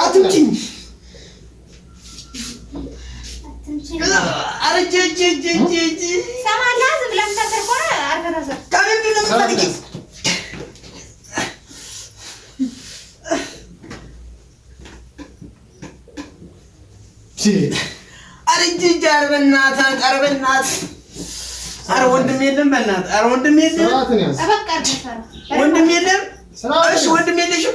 አትምጪኝ። ኧረ እንጂ ወንድም የለም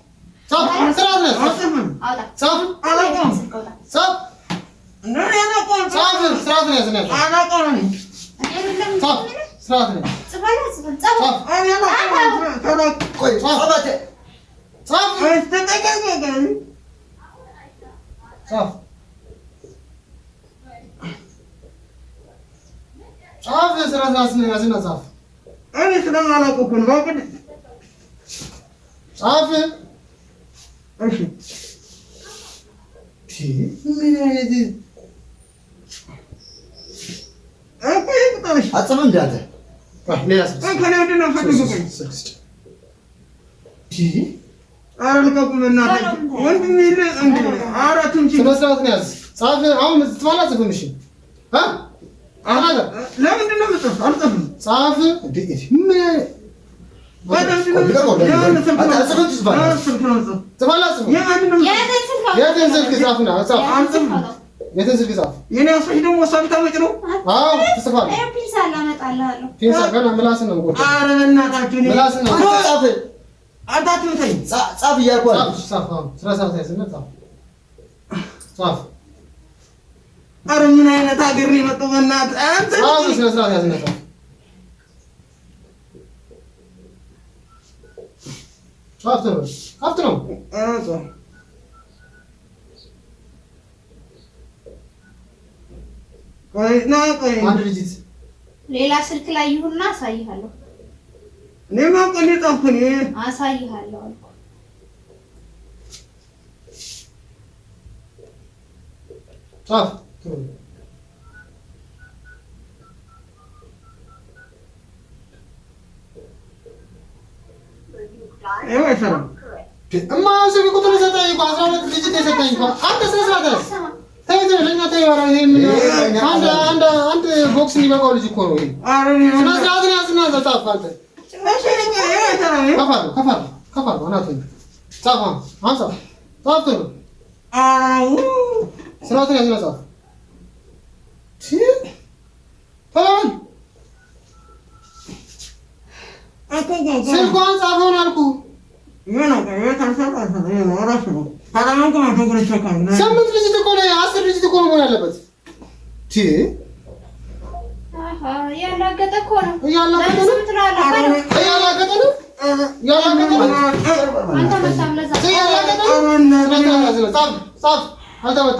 Sap, sıradınız. Nasılsın? Sap. Anakom. Sap. Nereye anakom? Sap, sıradın yazın yazın. Anakom. Sap, sıradın. Sıfana sıfana. Sap. Anakom. Sana koy. Sap. Sap. Üstüne gel gel. Sap. Sap, sıradın yazın yazın. Sap. Öyle sıradın anakom. Sap. Sap. እሺ ምን አይነት አጽም እንዳለ ሌላ የትን ስልክ ጻፍ። የኔ አስፈሽ ደግሞ እሷ ብታመጭ ነው። አዎ ትጽፋለህ። ፒንሳ አመጣልሃለሁ። ፒንሳ ገና ምላስን ነው እኮ። ኧረ በእናታችሁ ምላስን ነው። ጻፍ አታትምተኝ። ጻፍ እያልኩ አለ። ጻፍ ስራ ሰዓት ያዝና ጻፍ ጻፍ። ኧረ ምን አይነት ሀገር ነው የመጣው? በእናትህ አንተ ጻፍ ስራ ሰዓት ያዝና ጻፍ after ሌላ ስልክ ላይ ይሁንና አሳይሃለሁ። እኔማ ቆይ ጠፍኩኝ። አሳይሃለሁ አልኩ። ጻፍ ይኸው አይሰራም። እማ ቁጥር ሰጠኝ እኮ አስራ ሁለት ልጅ የሰጠኝ እኮ አንተ ስነ ስርዓት አንድ ቦክስ የሚበቃው ልጅ እኮ ነው ይሄ። ያዝና ጻፍ። ስልኳን ጻፈውን አልኩ። ስምንት ልጅት እኮ ነው፣ አስር ልጅት እኮ ነው መሆን ያለበት። እያላገጠ እኮ ነው፣ እያላገጠ ነው። አንተ መታ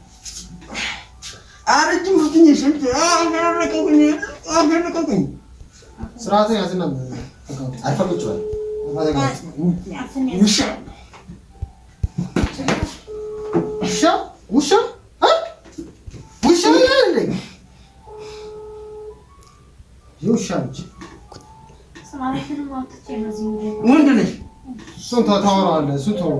አረጅሙትኝ ሽንት አፈረቀኝ አፈረቀኝ ስርዓትን ያዝና አልፈቅጭዋል ውሻ ውሻ ውሻ ውሻ ያለኝ የውሻ ልጅ ወንድ ነሽ። እሱን ታወራዋለህ። እሱን ተወው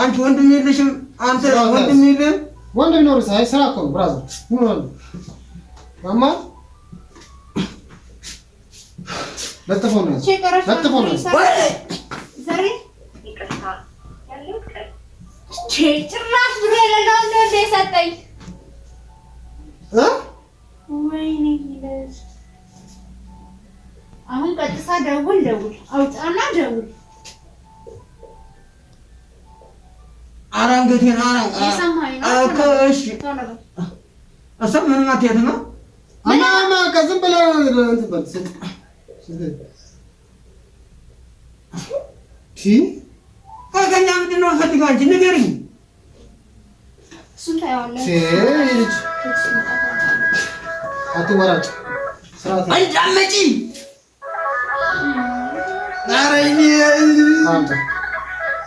አንቺ ወንድም የለሽም። አንተ ወንድም የለህም። ወንድም ኖርስ? አይ ስራ እኮ ነው ብራዘር። ምን ወንድም ማማ ለጥፈው ነው ለጥፈው ነው ጭራሽ ብሎ የሌለው ነው እንደ የሰጠኝ ወይኔ አሁን ቀጥታ ደውል ደውል አውጣና ደውል አራንገቴን እሷ ምንም አትሄድ ነው። ዝም ብለህ ከእኛ ምንድን ነው የምፈልገው? አንቺ ንገሪኝ። አትወራጭ አንቺ አትመጪ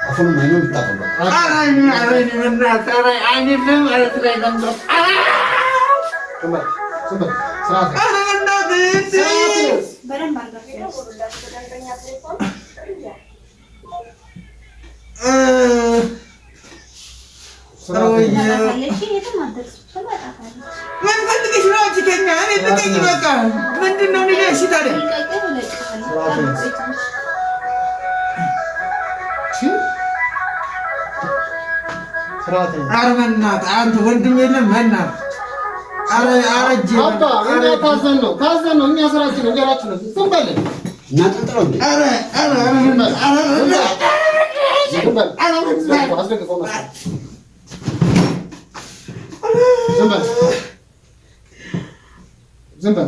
అసలు నేను ఇస్తాను ምን ፈልገሽ ነው አንቺ ከኛ እኔ ልጠይቅ በቃ ምንድን ነው ልሽ ታዲያ ኧረ በእናትህ አንተ ወንድም የለም በእናትህ አረጀ አባ እኛ ታዘን ነው ታዘን ዝም በል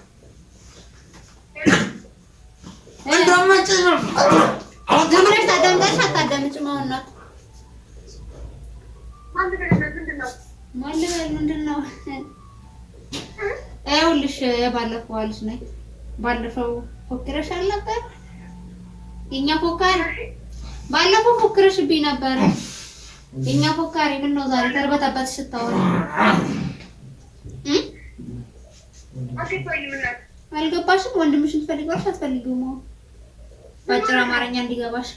ባለፈው አልሽ ነኝ ባለፈው ፎክረሽ አልነበር? የኛ ፎካሪ ባለፈው ፎክረሽብኝ ነበረ። የኛ ፎካሪ ምን ነው ዛሬ ተርበታበት ስታወሪ አልገባሽም። ወንድምሽን ትፈልጊዋለሽ አትፈልጊውም? በአጭር አማርኛ እንዲገባሽ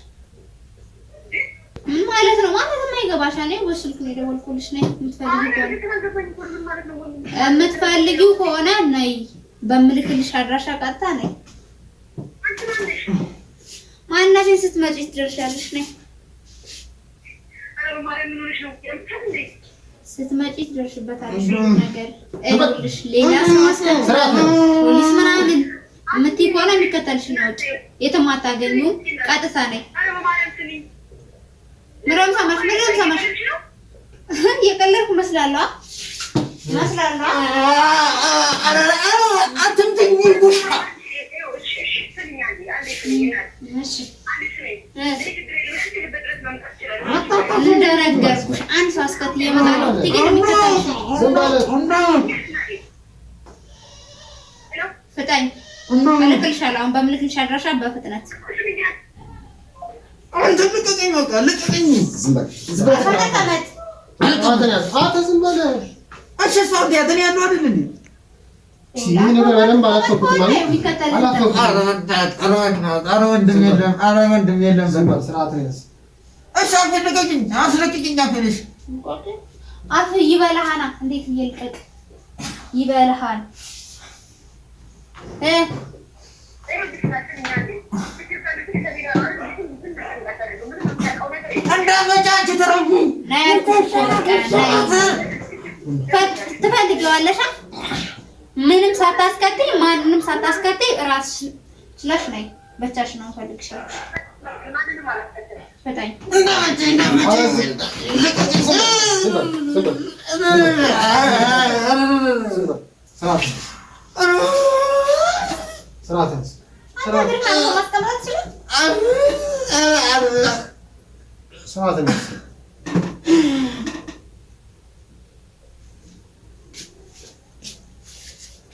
ምን ማለት ነው? ማለት የማይገባሽ እኔ በስልክ ነው የደወልኩልሽ። ነይ የምትፈልጊው ከሆነ ነይ በምልክልሽ አድራሻ ቀጥታ ነኝ። ማናችን ስትመጪ ትደርሻለሽ ነኝ። ስትመጪ ትደርሽበታለሽ። ነገር ሌላ ምናምን የምትይ ከሆነ የሚከተልሽ ነው። የትም አታገኙም። ቀጥታ ነኝ። ምረም ሰማሽ፣ ምረም ሰማሽ። መስላለሁ። አትምትኝ ጉሻ እንደነገርኩሽ አንድ ሰው አስከትዬ እመጣለሁ። ትኬት የሚከፈልሽ ፍጠኝ፣ እሺ እሷ እንትን አፍ ይበላሃና እንዴት እየልቀቅ ይበላሃል። እንዳመጫች ተረጉ ትፈልጊዋለሽ። ምንም ሳታስከትይ ማንንም ሳታስከትይ እራስሽ ችለሽ ነይ። ብቻሽ ነው ፈልግሽ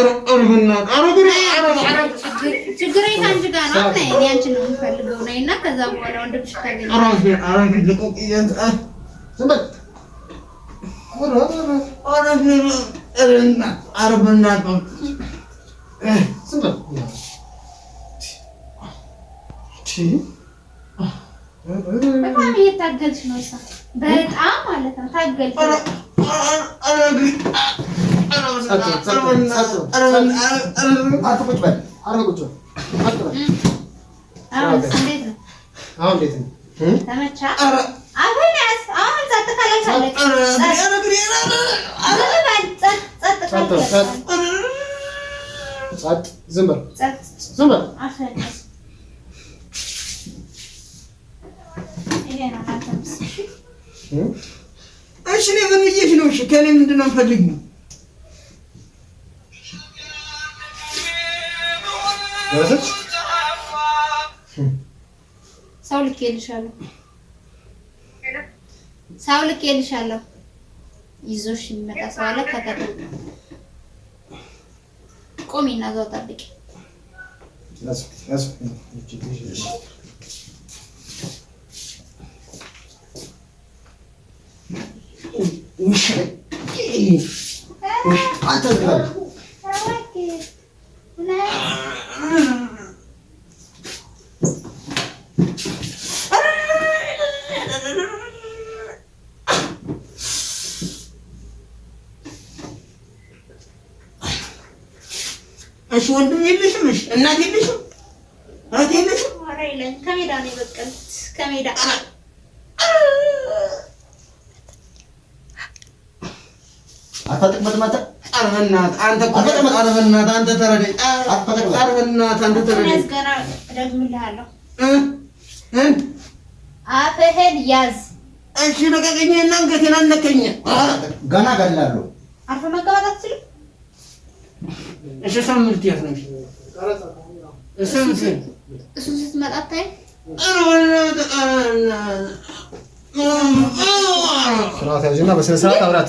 እርብና ችግር ከአንቺ ነው። እኔ በጣም ማለት ነው ታገልኩ። አሁን እሺ እኔ ምን ብዬሽ ነው? እሺ ከእኔ ምንድን ነው የምፈልጊው? ሰው ልኬልሻለሁ፣ ሰው ልኬልሻለሁ። ይዞሽ የሚመጣ ሰው አለ። ከከተማ ቆሚና እዛው ጠብቂ። እሺ ወንድም የለሽም? እሺ እናት የለሽም? እህት የለሽም? ከሜዳ ነው የበቀልኩት ከሜዳ አትፈጥቅመጥመጥ ኧረ በእናትህ አንተ እኮ ኧረ አፍህን ያዝ። እሺ ለቀቀኝ እና አንገቴን አነቀኝ። ገና እገላለሁ። አርፈህ መቀመጥ አትችልም። እሺ ሰም ልትያት ነው። እሱ ስትመጣ አታይም። ስርዓት ያዥና በስነ ስርዓት አውራት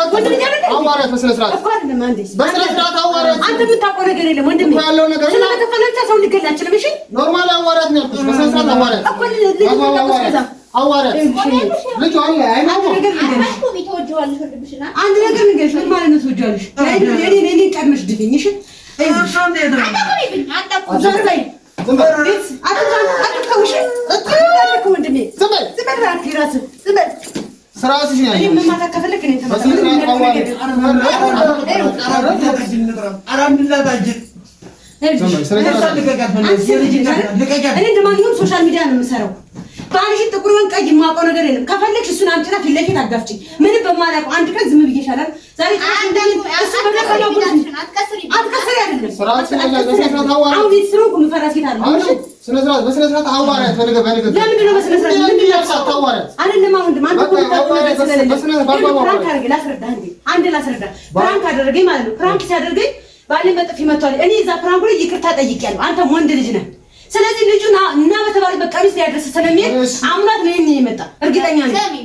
አዋሪያት በስነ ስርዓት በስነ ስርዓት አዋሪያት። አንተ የምታውቀው ነገር የለም ወንድሜ ያለው ነገር ስለተፈለ ብቻ ሰው ሊገል አይችልም። እሺ ኖርማል አዋሪያት ነው ያልኩሽ። በስነ ስርዓት አዋሪያት አዋሪያት። ልጅ አለ አይናው አንድ ነገር ንገሪሽ። ምን ማለት ነው ትወጂዋለሽ? እኔ እኔ ቀድመሽ ድፍኝ። እሺ አትተውሽ ወንድሜ፣ ዝም በል ዝም በል እራስህ ዝም በል እንደማንኛውም ሶሻል ሚዲያ ነው የምሰራው። ባልሽን ጥቁር ወይም ቀይ የማውቀው ነገር የለም። ከፈለግሽ እሱን አምጪና ፊት ለፊት አጋፍጪ። ምንም በማላውቀው አንድ ቀን ዝም ብዬሽ አላል። ዛሬ አሁን ስነስርዓት በስነስርዓት አዋሪያት በነገ በነገ ለምንድን ነው በስነስርዓት ምንድን ነው አሁን አንተ ፕራንክ አደረገኝ ማለት ነው። ሲያደርገኝ ባለ መጥፊ መቷል። እኔ እዛ ፕራንክ ላይ ይቅርታ ጠይቄያለሁ። አንተም ወንድ ልጅ ነህ ስለዚህ ልጁ እና በተባለበት ቀሚስ ላይ ያደረሰ ስለሚሄድ አምናት ነው ይሄን የመጣ እርግጠኛ ነኝ።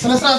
ሲያስጠላ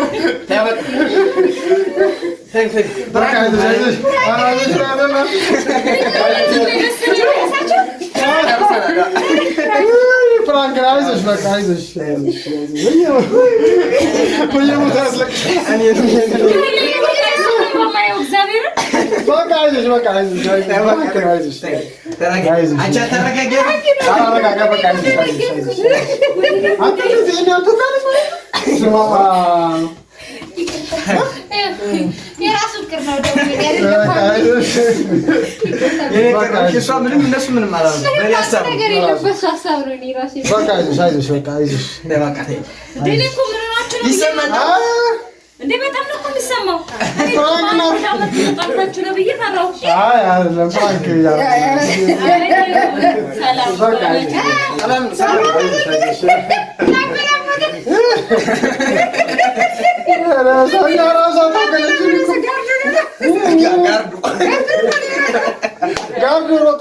ተረጋጋ። ፍቅር ነው ደግሞ ምንም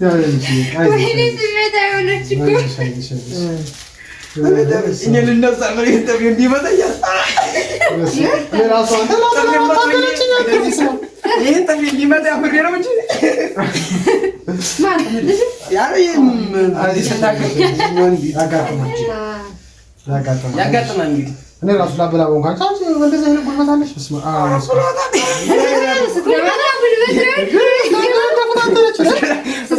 Devam edin. Bu henüz ümmeden öyle çıkıyor. Haydi dışarı dışarı. Öyle demiş. İnelin nazarları yetemiyor. Niye bana ya? Ben aslında ben aslında patladı çıkıyor. Niye tabii niye de yapıyorum ki? Man. Ya ben hadi sen tak. Yakatma. Yakatma. Yakatma git. Ne Resulullah böyle bu kadar çalışıyor. Ben de zehri bulmaz almış. Bismillah. Aa. Resulullah. Ne kadar bulmaz almış.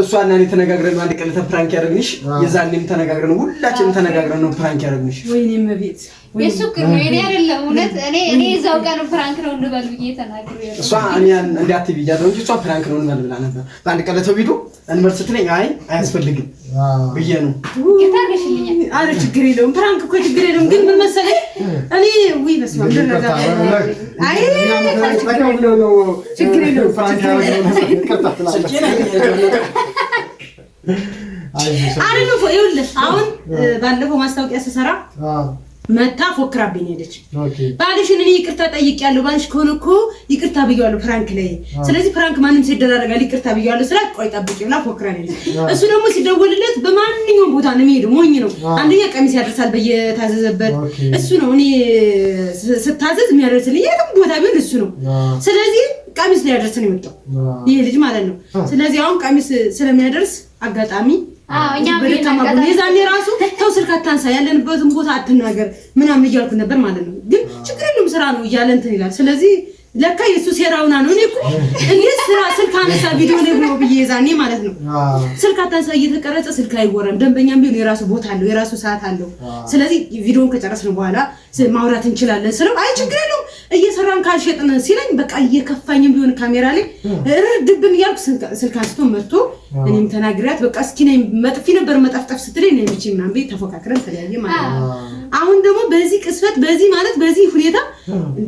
እሷና እኔ ተነጋግረን ነው አንድ ቀን ፕራንክ ያደረግንሽ። የዛኔም ተነጋግረን ሁላችንም ተነጋግረን ነው ፕራንክ ያደረግንሽ። ወይኔ መቤት የሱ ቅር እኔ አይደለም እውነት እኔ እኔ እዛው ነው ፕራንክ ነው እንበል ብዬ ተናግሬ እሷ እኔ እንዳትይ ብያለሁ እንጂ እሷ ፕራንክ ነው እንበል ብላ ነበር በአንድ ቀን ለተው ቢዱ እንበል ስትለኝ አይ አያስፈልግም ብዬ ነው። አረ ችግር የለውም ፕራንክ እኮ ችግር የለውም። ግን ምን መሰለኝ እኔ ውይ በስመ አብ አሁን ባለፈው ማስታወቂያ ስሰራ መታ ፎክራብኝ ሄደች። ባልሽን እኔ ይቅርታ ጠይቄያለሁ፣ ባልሽ ከሆነ እኮ ይቅርታ ብየዋለሁ ፍራንክ ላይ። ስለዚህ ፍራንክ ማንም ሲደራረጋል ይቅርታ ብየዋለሁ ስላት ቆይ ጠብቂ ብላ ፎክራ ሄደች። እሱ ደግሞ ሲደወልለት በማንኛውም ቦታ ነው የሚሄደው። ሞኝ ነው። አንደኛ ቀሚስ ያደርሳል በየታዘዘበት እሱ ነው። እኔ ስታዘዝ የሚያደርስልኝ የትም ቦታ ቢሆን እሱ ነው። ስለዚህ ቀሚስ ሊያደርስ ነው የመጣው ይሄ ልጅ ማለት ነው። ስለዚህ አሁን ቀሚስ ስለሚያደርስ አጋጣሚ የዛኔ ራሱ ተው ስልክ አታንሳ ያለንበትን ቦታ አትናገር ምናምን እያልኩ ነበር ማለት ነው። ግን ችግር የለውም ስራ ነው እያለ እንትን ይላል። ስለዚህ ለካ የእሱ ሴራውና ነው። እኔ እኮ ስራ ስልክ አነሳ ቪዲዮ ላይ ብሎ ብዬ የዛኔ ማለት ነው ስልክ አታንሳ እየተቀረጸ ስልክ አይወራም። ደንበኛም ቢሆን የራሱ ቦታ አለው፣ የራሱ ሰዓት አለው። ስለዚህ ቪዲዮውን ከጨረስን በኋላ ማውራት እንችላለን ስለው አይ ችግር የለውም እየሰራን ካልሸጥን ሲለኝ በቃ እየከፋኝም ቢሆን ካሜራ ላይ እርድብን እያልኩ ስልክ አንስቶ መጥቶ እኔም ተናግሪያት በቃ እስኪ ነኝ መጥፊ ነበር መጠፍጠፍ ስትለኝ ነው የሚችል ምናምን ተፎካክረን ተለያየ ማለት ነው። አሁን ደግሞ በዚህ ቅስፈት በዚህ ማለት በዚህ ሁኔታ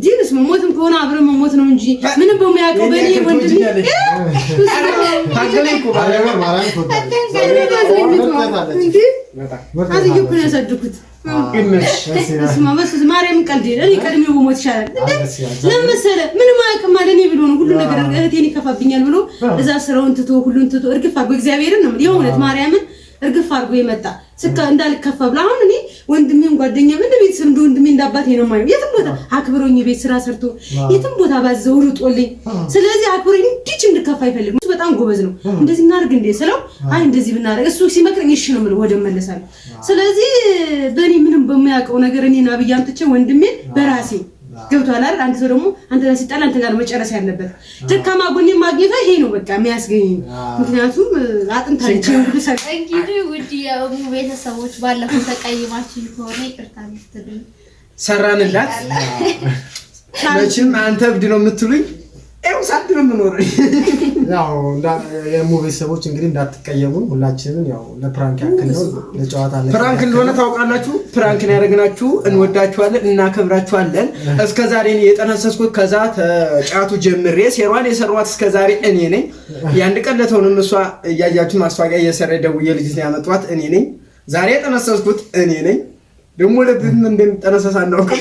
ዲንስ መሞትም ከሆነ አብረን መሞት ነው እንጂ ምንም በሚያውቀው በእኔ ወንድሜ አዝዬ ያሳድኩት። ማርያምን ቀልድ የለን ቀድሜ ሞት ይሻላል። ለምን መሰለህ? ምንም አያውቅም አለ እኔ ብሎ ነው ሁሉ ነገር እህቴን ይከፋብኛል ብሎ እዛ ስራውን ትቶ ሁሉን ትቶ እርግፋ በእግዚአብሔርን ነው የእውነት ማርያምን እርግፍ አድርጎ የመጣ ስካ እንዳልከፋ ብላ አሁን እኔ ወንድሜም ጓደኛ ምን ቤተሰብ እንደ ወንድሜ እንዳባቴ ነው የማየው። የትም ቦታ አክብሮኝ ቤት ስራ ሰርቶ የትም ቦታ ባዘው ርጦልኝ። ስለዚህ አክብሮኝ እንዲች እንድከፋ አይፈልግም። እሱ በጣም ጎበዝ ነው። እንደዚህ እናደርግ እንዴ ስለው አይ እንደዚህ ብናደርግ እሱ ሲመክረኝ እሺ ነው የምለው፣ ወደ መለሳለሁ። ስለዚህ በእኔ ምንም በማያውቀው ነገር እኔን አብይ አምጥቼ ወንድሜን በራሴ ገብቷል አይደል? አንድ ሰው ደግሞ አንተ ጋር ሲጣል አንተ ጋር መጨረስ ያለበት ደካማ ጎን ማግኘቷ ይሄ ነው በቃ የሚያስገኝ። ምክንያቱም አጥንታ ልጅ ሰ እንግዲህ ውድ የሙ ቤተሰቦች ባለፈው ተቀይማችን ከሆነ ይቅርታ ልትል ሰራንላት። መቼም አንተ እብድ ነው የምትሉኝ ይኸው ሳድር የምኖር ያው የሙ ቤተሰቦች እንግዲህ እንዳትቀየሙን፣ ሁላችንም ያው ለፕራንክ ያክል ነው ለጨዋታ ፕራንክ እንደሆነ ታውቃላችሁ። ፕራንክን ያደረግናችሁ እንወዳችኋለን፣ እናከብራችኋለን። እስከ ዛሬ የጠነሰስኩት ከዛ ተጫቱ ጀምሬ ሴሯን የሰሯት እስከ ዛሬ እኔ ነኝ። የአንድ ቀን ለተሆንም እሷ እያያችሁ ማስታወቂያ እየሰራ ደውዬ ልጅ ያመጧት እኔ ነኝ። ዛሬ የጠነሰስኩት እኔ ነኝ። ደግሞ ለብትም እንደሚጠነሰስ አናውቅም።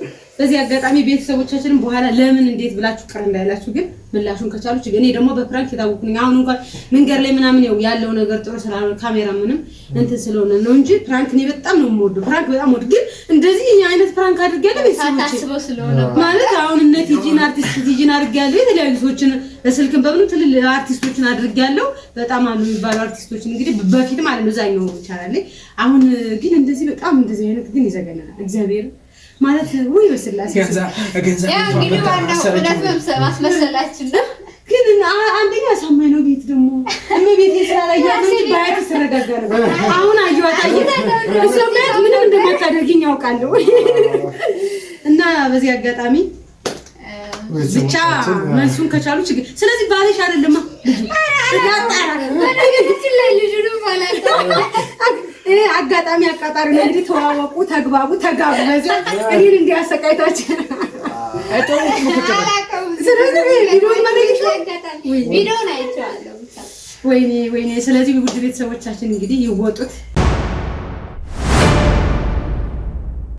በዚህ አጋጣሚ ቤተሰቦቻችንም በኋላ ለምን እንዴት ብላችሁ ቅር እንዳይላችሁ ግን ምላሹን ከቻሉ እኔ ደግሞ በፕራንክ የታወኩ ነኝ። አሁን እንኳን መንገድ ላይ ምናምን ው ያለው ነገር ጥሩ ስላልሆነ ካሜራ ምንም እንትን ስለሆነ ነው እንጂ ፕራንክ እኔ በጣም ነው የምወደው። ፕራንክ በጣም ወድ ግን እንደዚህ አይነት ፕራንክ አድርጌያለሁ። ቤተሰቦች ስለሆነ ማለት አሁን እነ ቲጂን አርቲስት ቲጂን አድርግ ያለ የተለያዩ ሰዎችን በስልክም በምንም ትልል አርቲስቶችን አድርግ ያለው በጣም አሉ የሚባሉ አርቲስቶችን እንግዲህ በፊትም አለ ነው እዛኛው ይቻላል። አሁን ግን እንደዚህ በጣም እንደዚህ አይነት ግን ይዘገናል እግዚአብሔር ማለት ውይ በስላሴ እንግዲህ ግን አንደኛ አሳማኝ ነው። ቤት ደግሞ እመቤቴ ስላላያት ባያት አሁን አየኋት ምንም እንደማታደርግኝ ያውቃለሁ እና በዚህ አጋጣሚ ብቻ መልሱን ከቻሉ ችግር። ስለዚህ ባልሽ አይደለም አጋጣሚ አቃጣሪ ነው እንግዲህ። ተዋወቁ፣ ተግባቡ፣ ተጋቡ። በዚያ እኔን እንዲህ ወይኔ ወይኔ። ስለዚህ ውድ ቤተሰቦቻችን እንግዲህ ይወጡት